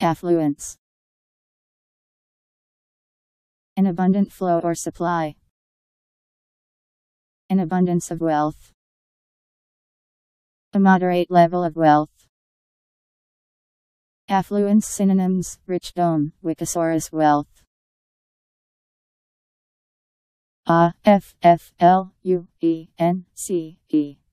Affluence An abundant flow or supply. An abundance of wealth. A moderate level of wealth. Affluence synonyms, richdom, Wikisaurus wealth. A F F L U E N C E